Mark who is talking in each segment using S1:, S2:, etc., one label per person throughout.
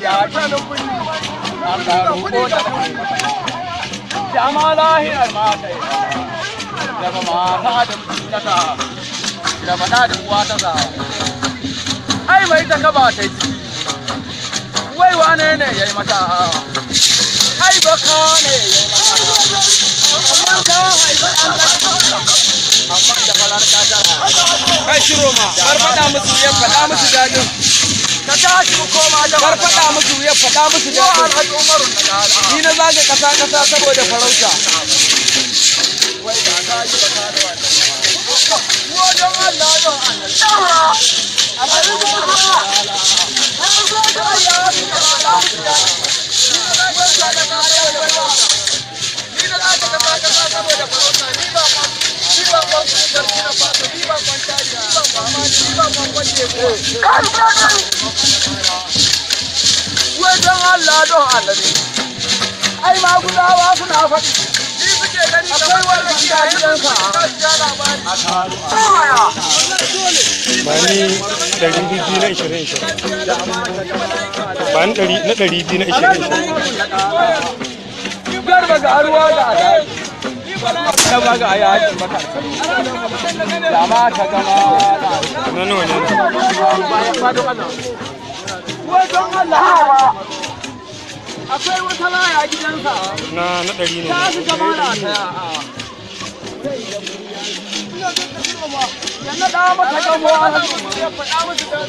S1: Jama lahiyar mata raba mata da nata raba da da uwa ta ai mai ta kaba ta ciki wai wane ne yayi mata ai baka ne yayi mata amma an amma da falar ka ta kai shiro ma har fada musu ya fada musu dadin ka tashi mu koma da kar faɗa musu ya faɗa musu da ni na zaga ƙasa ƙasa saboda farauta wai ka yi ka da wannan wajen Allah don Allah a bari mu ga na zo da ya fi da ni na zaga ƙasa ƙasa saboda farauta ni ba ni ba kwanci da ni ba kwanci da wai don Allah don annabi ai ma gudawa suna faɗi ni suke gani akwai wanda ke a ɗari na ɗari biyu na ishirin ishirin garba ga ruwa da adai ta ba ga aya haƙi maka da ma ka gama na nawa ne wajen Allah akwai wata laya a gidansa na na ɗari ne ta Ya gama da ta ya na ɗawa mata gamo a hannun ya faɗa mata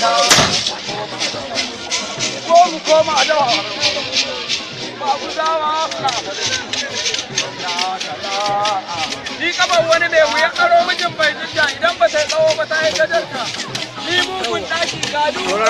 S1: da ko mu koma a dawa Ni kamar wani mai wuya aro mijin bai jinja idan ba ta tsawo ba ta yi gajarka. Ni mugun ɗaki gado.